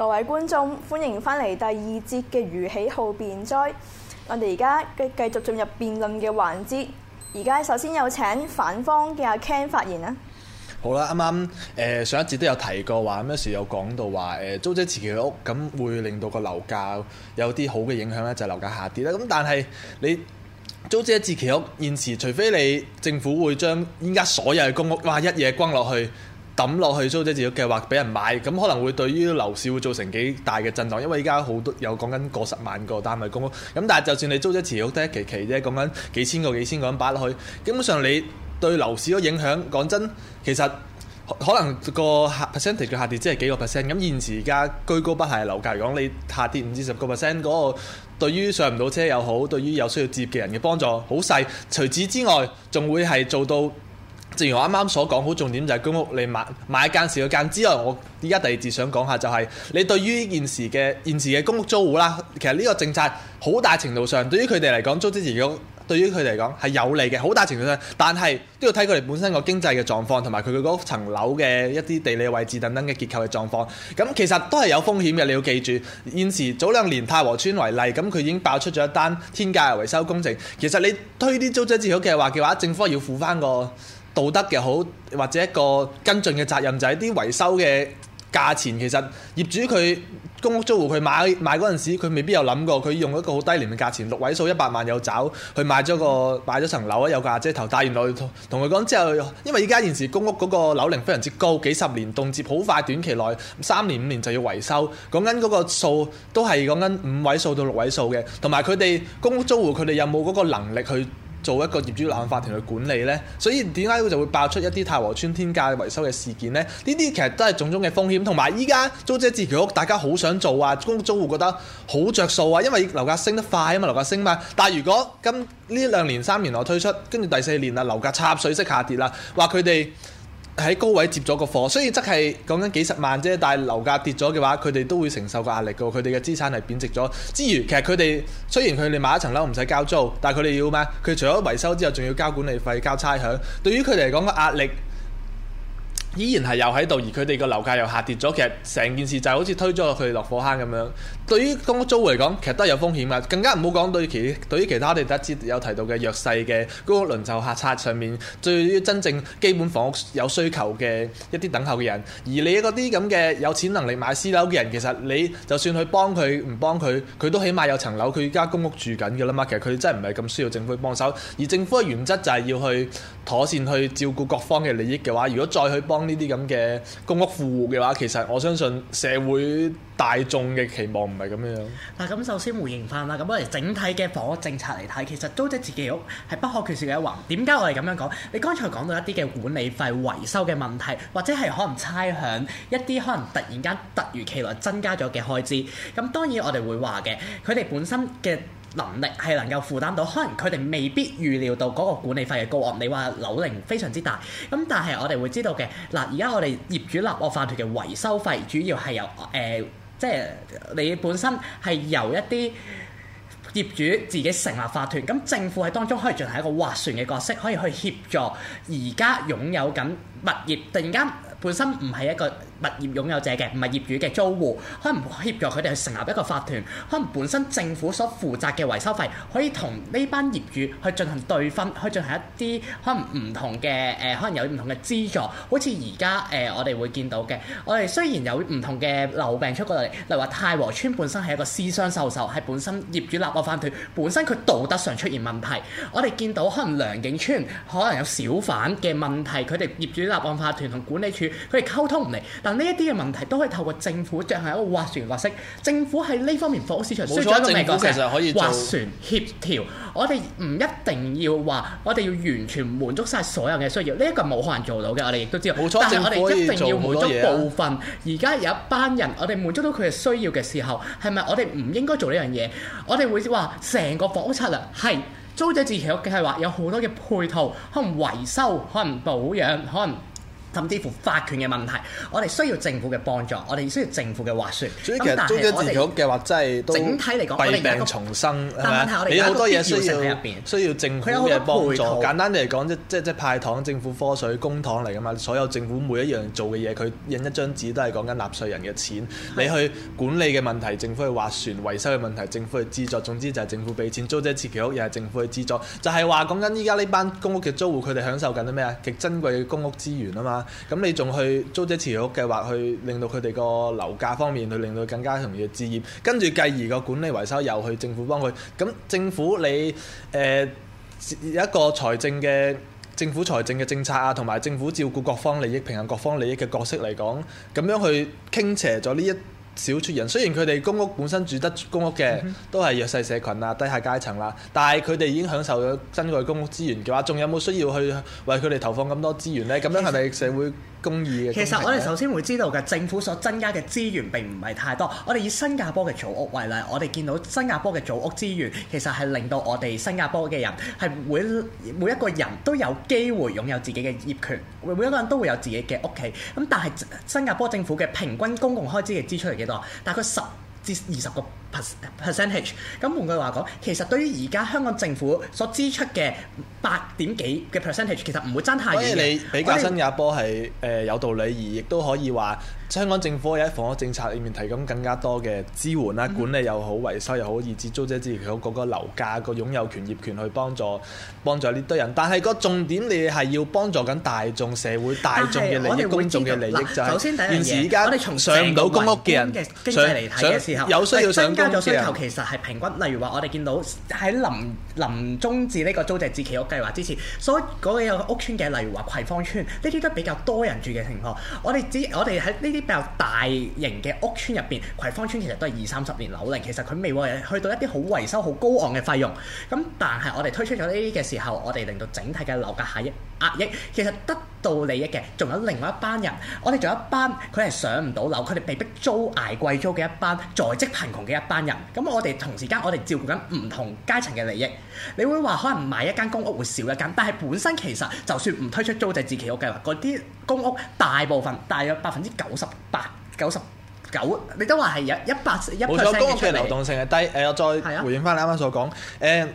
各位觀眾，歡迎翻嚟第二節嘅予豈好辯哉。我哋而家嘅繼續進入辯論嘅環節。而家首先有請反方嘅阿 Ken 發言啦。好啦，啱啱誒上一節都有提過話，咩事有講到話誒、呃、租者置其屋，咁會令到個樓價有啲好嘅影響咧，就係、是、樓價下跌啦。咁但係你租者置其屋，現時除非你政府會將依家所有嘅公屋哇一夜轟落去。抌落去租者置其屋計劃俾人買，咁可能會對於樓市會造成幾大嘅震盪，因為依家好多有講緊過十萬個單位公屋，咁但係就算你租者置其屋得一期期啫，講緊幾千個、幾千個咁擺落去，基本上你對樓市嘅影響，講真，其實可能個 percentage 嘅下跌即係幾個 percent，咁現時而家居高不下樓價嚟講，你下跌五至十個 percent，嗰個對於上唔到車又好，對於有需要接嘅人嘅幫助好細。除此之外，仲會係做到。正如我啱啱所講，好重點就係公屋你買買，就是。你買一間少一間之外，我依家第二節想講下就係你對於現時嘅現時嘅公屋租戶啦。其實呢個政策好大程度上對於佢哋嚟講，租者置其屋對於佢哋嚟講係有利嘅，好大程度上。但係都要睇佢哋本身個經濟嘅狀況，同埋佢佢嗰層樓嘅一啲地理位置等等嘅結構嘅狀況。咁其實都係有風險嘅。你要記住，現時早兩年太和村為例，咁佢已經爆出咗一單天價嘅維修工程。其實你推啲租者置其屋，計劃嘅話，政府要付翻個。道德嘅好，或者一個跟進嘅責任就係啲維修嘅價錢。其實業主佢公屋租戶佢買買嗰陣時，佢未必有諗過佢用一個好低廉嘅價錢，六位數一百萬有找，去買咗個買咗層樓啊，有瓦遮頭，但係原來同佢講之後，因為依家現時公屋嗰個樓齡非常之高，幾十年凍折，好快短期內三年五年就要維修，講緊嗰個數都係講緊五位數到六位數嘅，同埋佢哋公屋租戶佢哋有冇嗰個能力去？做一個業主立案法團去管理呢，所以點解就會爆出一啲太和村天價維修嘅事件呢？呢啲其實都係種種嘅風險，同埋依家租者自住屋，大家好想做啊，公租戶覺得好着數啊，因為樓價升得快啊嘛，樓價升嘛，但係如果今呢兩年三年內推出，跟住第四年啦，樓價插水式下跌啦，話佢哋。喺高位接咗個貨，雖然則係講緊幾十萬啫，但係樓價跌咗嘅話，佢哋都會承受個壓力噶佢哋嘅資產係貶值咗，之餘其實佢哋雖然佢哋買一層樓唔使交租，但係佢哋要咩？佢除咗維修之後仲要交管理費、交差餉，對於佢哋嚟講個壓力。依然係又喺度，而佢哋個樓價又下跌咗。其實成件事就好似推咗落去落火坑咁樣。對於公屋租戶嚟講，其實都係有風險噶。更加唔好講對其對於其他我哋得知有提到嘅弱勢嘅公屋輪候冊上面，對於真正基本房屋有需求嘅一啲等候嘅人，而你嗰啲咁嘅有錢能力買私樓嘅人，其實你就算去幫佢唔幫佢，佢都起碼有層樓，佢依家公屋住緊㗎啦嘛。其實佢真係唔係咁需要政府幫手。而政府嘅原則就係要去，妥善去照顧各方嘅利益嘅話，如果再去幫呢啲咁嘅公屋戶嘅話，其實我相信社會大眾嘅期望唔係咁樣。嗱，咁首先回應翻啦，咁我哋整體嘅房屋政策嚟睇，其實租者置其屋係不可缺少嘅一環。點解我哋咁樣講？你剛才講到一啲嘅管理費、維修嘅問題，或者係可能差餉一啲可能突然間突如其來增加咗嘅開支，咁當然我哋會話嘅，佢哋本身嘅。能力係能夠負擔到，可能佢哋未必預料到嗰個管理費嘅高額。你話樓齡非常之大，咁但係我哋會知道嘅嗱，而家我哋業主立案法團嘅維修費主要係由誒，即、呃、係、就是、你本身係由一啲業主自己成立法團，咁政府喺當中可以進行一個斡旋嘅角色，可以去協助而家擁有緊物業突然間本身唔係一個。物業擁有者嘅唔係業主嘅租戶，可能協助佢哋去成立一個法團，可能本身政府所負責嘅維修費，可以同呢班業主去進行對分，去進行一啲可能唔同嘅誒、呃，可能有唔同嘅資助，好似而家誒我哋會見到嘅，我哋雖然有唔同嘅漏病出過嚟，例如話太和村本身係一個私商受受，係本身業主立案法團本身佢道德上出現問題，我哋見到可能良景村可能有小販嘅問題，佢哋業主立案法團同管理處佢哋溝通唔嚟，但呢一啲嘅問題都可以透過政府進行一個斡旋斡旋。政府喺呢方面房屋市場需要一個嘅角色，斡旋協調。我哋唔一定要話，我哋要完全滿足晒所有嘅需要，呢、這、一個係冇可能做到嘅。我哋亦都知道，錯但係我哋一定要滿足部分。而家、啊、有一班人，我哋滿足到佢嘅需要嘅時候，係咪我哋唔應該做呢樣嘢？我哋會話成個房屋策略係租者置其屋嘅，係話有好多嘅配套，可能維修，可能保養，可能。甚至乎法權嘅問題，我哋需要政府嘅幫助，我哋需要政府嘅斡旋。所以其實租者置其屋嘅話，真係都弊病重生。但係我哋有啲要求喺入邊，需要政府嘅幫助。簡單嚟講，即係即係派糖政府科稅公帑嚟㗎嘛。所有政府每一樣做嘅嘢，佢印一張紙都係講緊納稅人嘅錢。的你去管理嘅問題，政府去斡旋；維修嘅問題，政府去資助。總之就係政府俾錢租者置其屋，又係政府去資助。就係、是、話講緊依家呢班公屋嘅租戶，佢哋享受緊啲咩啊？極珍貴嘅公屋資源啊嘛！咁你仲去租者置其屋計劃去令到佢哋個樓價方面去令到更加容易置業，跟住繼而個管理維修又去政府幫佢。咁政府你誒、呃、有一個財政嘅政府財政嘅政策啊，同埋政府照顧各方利益、平衡各方利益嘅角色嚟講，咁樣去傾斜咗呢一。少出人，雖然佢哋公屋本身住得公屋嘅，嗯、哼都係弱勢社群啊，低下階層啦，但係佢哋已經享受咗新嘅公屋資源嘅話，仲有冇需要去為佢哋投放咁多資源呢？咁樣係咪社會公義嘅？其實我哋首先會知道嘅，政府所增加嘅資源並唔係太多。我哋以新加坡嘅組屋為例，我哋見到新加坡嘅組屋資源，其實係令到我哋新加坡嘅人係每每一個人都有機會擁有自己嘅業權，每一個人都會有自己嘅屋企。咁但係新加坡政府嘅平均公共開支嘅支出嚟。幾多？大概十至二十個 percentage，咁換句話講，其實對於而家香港政府所支出嘅八點幾嘅 percentage，其實唔會爭太遠。所以你比較新加坡係誒有道理，而亦都可以話。香港政府喺房屋政策裏面提供更加多嘅支援啦，嗯、管理又好，維修又好，以至租者置其屋嗰個樓價個擁有權業權去幫助幫助呢堆人。但係個重點你係要幫助緊大眾社會大眾嘅利益、公眾嘅利益，就首先第一件事係現時間我哋從上唔到公屋嘅人嘅經濟嚟睇嘅時候，有需要增加咗需求，其實係平均。例如話我哋見到喺臨臨終止呢個租者置其屋計劃之前，所嗰個屋邨嘅，例如話葵芳邨，呢啲都比較多人住嘅情況，我哋知我哋喺呢啲。比較大型嘅屋村入邊，葵芳村其實都係二三十年樓齡，其實佢未會去到一啲好維修好高昂嘅費用。咁但係我哋推出咗呢啲嘅時候，我哋令到整體嘅樓價下壓抑，其實得到利益嘅仲有另外一班人。我哋仲有一班佢係上唔到樓，佢哋被迫租挨貴租嘅一班，在職貧窮嘅一班人。咁我哋同時間我哋照顧緊唔同階層嘅利益。你會話可能買一間公屋會少一間，但係本身其實就算唔推出租者置其屋計劃，嗰啲公屋大部分大約百分之九十。八九十九，你都話係有一百一。冇錯，公屋嘅流動性係低。誒、呃，我再回應翻你啱啱所講。誒，是的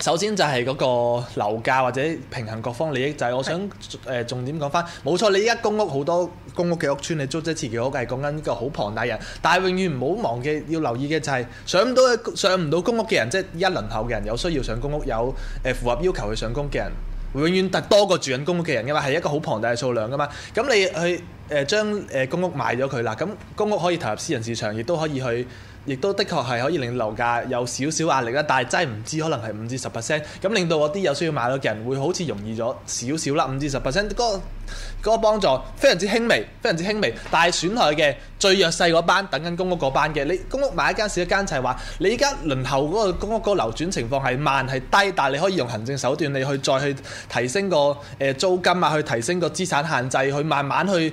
首先就係嗰個樓價或者平衡各方利益就係、是，我想誒重點講翻。冇錯是的，你依家公屋好多公屋嘅屋村，你租者置其屋係講緊一個好龐大人，但係永遠唔好忘記要留意嘅就係上到上唔到公屋嘅人，即、就、係、是、一輪候嘅人有需要上公屋，有誒符合要求去上公屋嘅人，永遠得多過住緊公屋嘅人，因為，係一個好龐大嘅數量噶嘛。咁你去。誒將公屋賣咗佢啦，咁公屋可以投入私人市場，亦都可以去，亦都的確係可以令樓價有少少壓力啦。但係真係唔知，可能係五至十 percent，咁令到嗰啲有需要買到嘅人會好似容易咗少少啦，五至十 percent，嗰個幫助非常之輕微，非常之輕微，但係損害嘅最弱勢嗰班等緊公屋嗰班嘅，你公屋買一間少一間，就係話你依家輪候嗰個公屋嗰個流轉情況係慢係低，但係你可以用行政手段，你去再去提升個誒租金啊，去提升個資產限制，去慢慢去。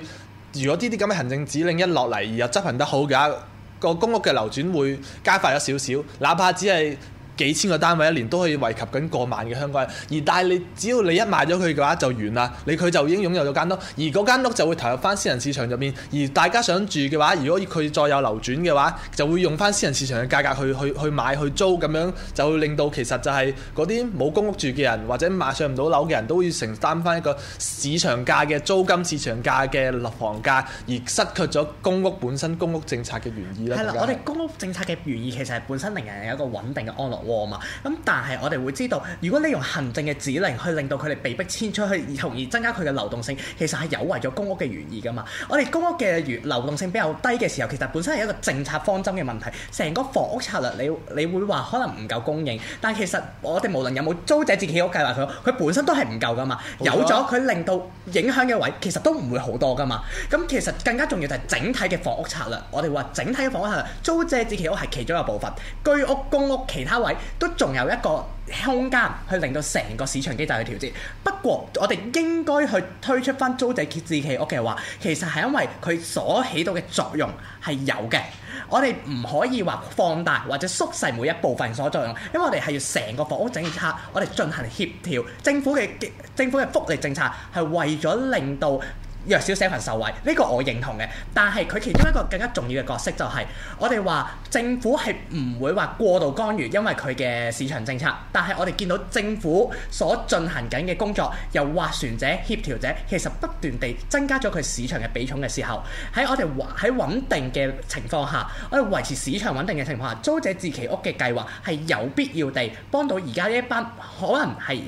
如果呢啲咁嘅行政指令一落嚟，而又執行得好嘅話，個公屋嘅流轉會加快咗少少，哪怕只係，幾千個單位一年都可以惠及緊過萬嘅香港人，而但係你只要你一賣咗佢嘅話就完啦，你佢就已經擁有咗間屋，而嗰間屋就會投入翻私人市場入面，而大家想住嘅話，如果佢再有流轉嘅話，就會用翻私人市場嘅價格去去去買去租咁樣，就會令到其實就係嗰啲冇公屋住嘅人或者買上唔到樓嘅人都會承擔翻一個市場價嘅租金、市場價嘅樓房價，而失去咗公屋本身公屋政策嘅原意咧。係啦的，我哋公屋政策嘅原意其實係本身令人有一個穩定嘅安樂。咁、嗯、但係我哋會知道，如果你用行政嘅指令去令到佢哋被迫遷出去，同而增加佢嘅流動性，其實係有違咗公屋嘅原意噶嘛。我哋公屋嘅流動性比較低嘅時候，其實本身係一個政策方針嘅問題。成個房屋策略你，你你會話可能唔夠供應，但其實我哋無論有冇租者置其屋計劃佢，佢本身都係唔夠噶嘛。冇錯啊、有咗佢令到影響嘅位，其實都唔會好多噶嘛。咁、嗯、其實更加重要就係整體嘅房屋策略。我哋話整體嘅房屋策略，租者置其屋係其中一部分，居屋、公屋其他位。都仲有一個空間去令到成個市場機制去調節，不過我哋應該去推出翻租者置其屋嘅話，其實係因為佢所起到嘅作用係有嘅，我哋唔可以話放大或者縮細每一部分所作用，因為我哋係要成個房屋政策，我哋進行協調，政府嘅政府嘅福利政策係為咗令到弱小社群受惠，呢個我認同嘅。但係佢其中一個更加重要嘅角色就係我哋話政府係唔會話過度干預，因為佢嘅市場政策。但係我哋見到政府所進行緊嘅工作，由斡旋者、協調者，其實不斷地增加咗佢市場嘅比重嘅時候，喺我哋喺穩定嘅情況下，我哋維持市場穩定嘅情況下，租者置其屋嘅計劃係有必要地幫到而家呢一班可能係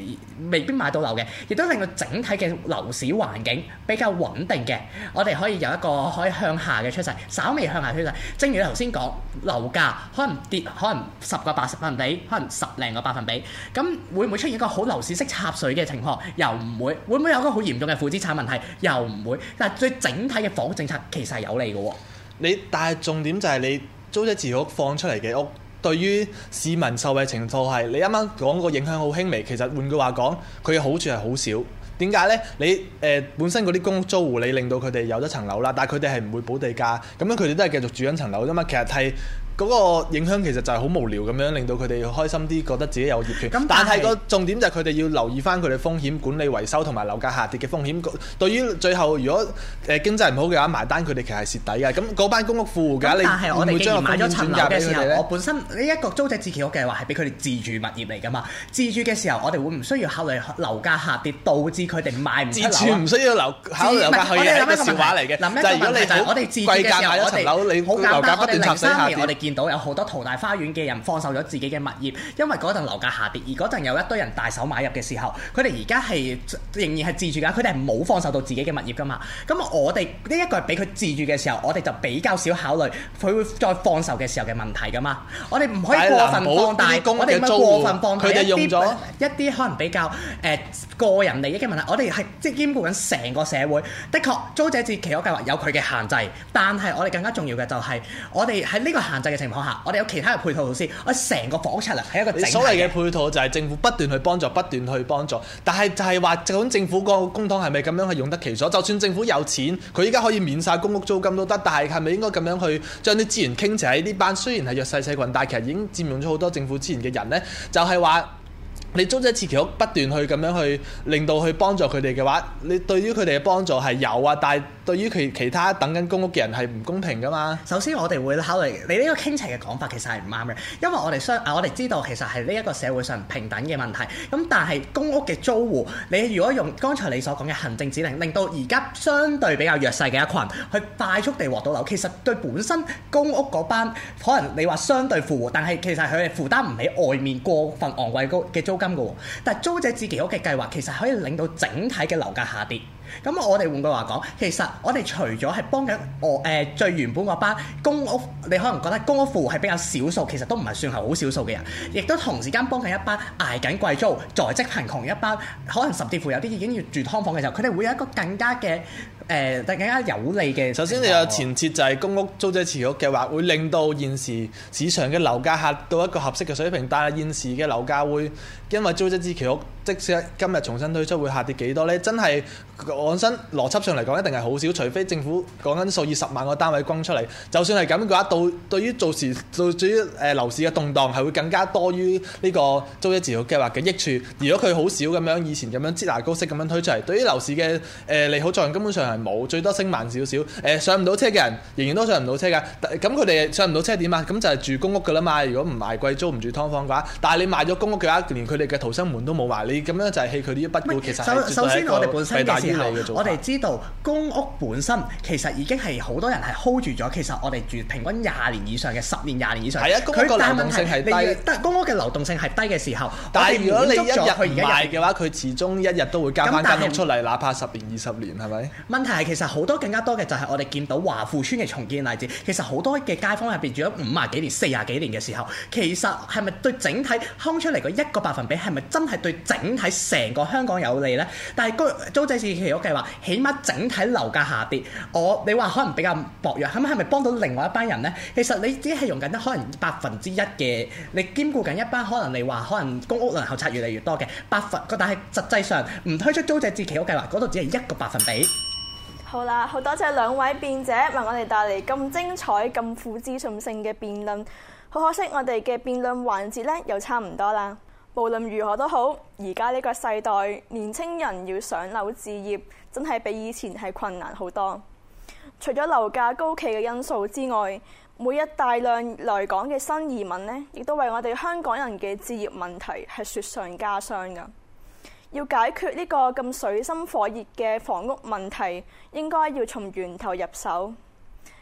未必買到樓嘅，亦都令到整體嘅樓市環境比較。穩定嘅，我哋可以有一個可以向下嘅趨勢，稍微向下趨勢。正如你頭先講，樓價可能跌，可能十個八十分比，可能十零個百分比。咁會唔會出現一個好樓市式插水嘅情況？又唔會。會唔會有一個好嚴重嘅負資產問題？又唔會。但係最整體嘅房屋政策其實係有利嘅，哦。你但係重點就係你租者置其屋放出嚟嘅屋，對於市民受惠程度係你啱啱講嗰個影響好輕微。其實換句話講，佢嘅好處係好少。點解咧？你誒、呃、本身嗰啲公租戶，你令到佢哋有咗層樓啦，但係佢哋係唔會補地價，咁樣佢哋都係繼續住緊層樓啫嘛。其實係。嗰個影響其實就係好無聊咁樣，令到佢哋開心啲，覺得自己有業權。但係是個重點就係佢哋要留意返佢哋風險管理、維修同埋樓價下跌嘅風險。對於最後如果誒經濟唔好嘅話，埋單佢哋其實係蝕底嘅。咁嗰班公屋富戶嘅，我你我哋將個買咗層樓嘅時候，我本身呢一、這個租者置其屋嘅話係俾佢哋自住物業嚟㗎嘛？自住嘅時候，我哋會唔需要考慮樓價下跌導致佢哋賣唔出樓，啊。完全唔需要考慮樓價係一,一個笑話嚟嘅。就係咁，其實我哋自住嘅時候，貴價買一層樓，們你樓價不斷插水下跌。見到有好多淘大花園嘅人放售咗自己嘅物業，因為嗰陣樓價下跌，而嗰陣有一堆人大手買入嘅時候，佢哋而家係仍然係自住㗎，佢哋係冇放售到自己嘅物業㗎嘛。咁我哋呢一個係俾佢自住嘅時候，我哋就比較少考慮佢會再放售嘅時候嘅問題㗎嘛。我哋唔可以過分放大、哎、公嘅租戶，佢哋用咗一啲可能比較誒、呃、個人利益嘅問題，我哋係即係兼顧緊成個社會。的確，租者置其屋計劃有佢嘅限制，但係我哋更加重要嘅就係我哋喺呢個限制情況下，我哋有其他嘅配套措施。我成個房屋出嚟係一個整體。所謂嘅配套就係政府不斷去幫助，不斷去幫助。但係就係話，就咁政府個公帑係咪咁樣去用得其所？就算政府有錢，佢依家可以免晒公屋租金都得。但係係咪應該咁樣去將啲資源傾斜喺呢班雖然係弱勢細細群，但係其實已經佔用咗好多政府資源嘅人呢？就係話，你租咗一次其屋，不斷去咁樣去令到去幫助佢哋嘅話，你對於佢哋嘅幫助係有啊，但係，對於其其他等緊公屋嘅人係唔公平㗎嘛？首先我哋會考慮你呢個傾斜嘅講法其實係唔啱嘅，因為我哋相、啊、我哋知道其實係呢一個社會上平等嘅問題。咁但係公屋嘅租戶，你如果用剛才你所講嘅行政指令，令到而家相對比較弱勢嘅一群去快速地獲到樓，其實對本身公屋嗰班可能你話相對富裕，但係其實佢哋負擔唔起外面過分昂貴高嘅租金嘅喎。但租者置其屋嘅計劃其實可以令到整體嘅樓價下跌。咁我哋換句話講，其實我哋除咗係幫緊我誒、呃、最原本嗰班公屋，你可能覺得公屋戶係比較少數，其實都唔係算係好少數嘅人，亦都同時間幫緊一班捱緊貴租、在職貧窮一班，可能甚至乎有啲已經要住劏房嘅時候，佢哋會有一個更加嘅。誒，更加有利嘅。首先，你有前設就係公屋租者置其屋計劃，會令到現時市場嘅樓價下到一個合適嘅水平。但係現時嘅樓價會因為租者置其屋，即使今日重新推出，會下跌幾多咧？真係講真，邏輯上嚟講，一定係好少。除非政府講緊數以十萬個單位供出嚟，就算係咁嘅話，到對於造時，對於誒樓市嘅動盪，係會更加多於呢個租者置其屋計劃嘅益處。如果佢好少咁樣，以前咁樣擠牙膏式咁樣推出嚟，對於樓市嘅誒利好作用，根本上係。冇，最多升慢少少，誒、呃、上唔到車嘅人仍然都上唔到車㗎，咁佢哋上唔到車點啊？咁就係住公屋㗎啦嘛。如果唔賣貴租唔住劏房嘅話，但係你賣咗公屋嘅話，連佢哋嘅逃生門都冇埋。你咁樣就係棄佢啲一筆。首先，我哋本身嘅事，我哋知道公屋本身其實已經係好多人係 hold 住咗。其實我哋住平均廿年以上嘅，十年廿年以上。係啊，公屋嘅流動性係低。公屋嘅流動性係低嘅時候，但係如果你一日去賣嘅話，佢始終一日都會交翻是間屋出嚟，哪怕十年二十年係咪？係，但其實好多更加多嘅就係我哋見到華富村嘅重建例子。其實好多嘅街坊入邊住咗五十幾年、四十幾年嘅時候，其實係咪對整體空出嚟嗰一個百分比係咪真係對整體成個香港有利呢？但係租者置其屋計劃，起碼整體樓價下跌，我你話可能比較薄弱，咁係咪幫到另外一班人呢？其實你只係用緊可能百分之一嘅，你兼顧緊一班可能你話可能公屋輪候冊越嚟越多嘅百分。但係實際上唔推出租者置其屋計劃嗰度只係一個百分比。好啦，好多謝兩位辯者為我哋帶嚟咁精彩、咁富資訊性嘅辯論。好可惜，我哋嘅辯論環節咧又差唔多啦。無論如何都好，而家呢個世代年青人要上樓置業，真係比以前係困難好多。除咗樓價高企嘅因素之外，每日大量來港嘅新移民呢，亦都為我哋香港人嘅置業問題係雪上加霜㗎。要解決呢個咁水深火熱嘅房屋問題，應該要從源頭入手。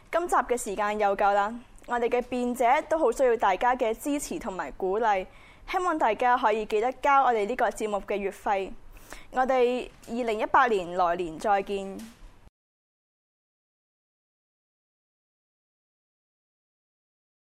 今集嘅時間又夠啦，我哋嘅辯者都好需要大家嘅支持同埋鼓勵，希望大家可以記得交我哋呢個節目嘅月費。我哋二零一八年來年再見。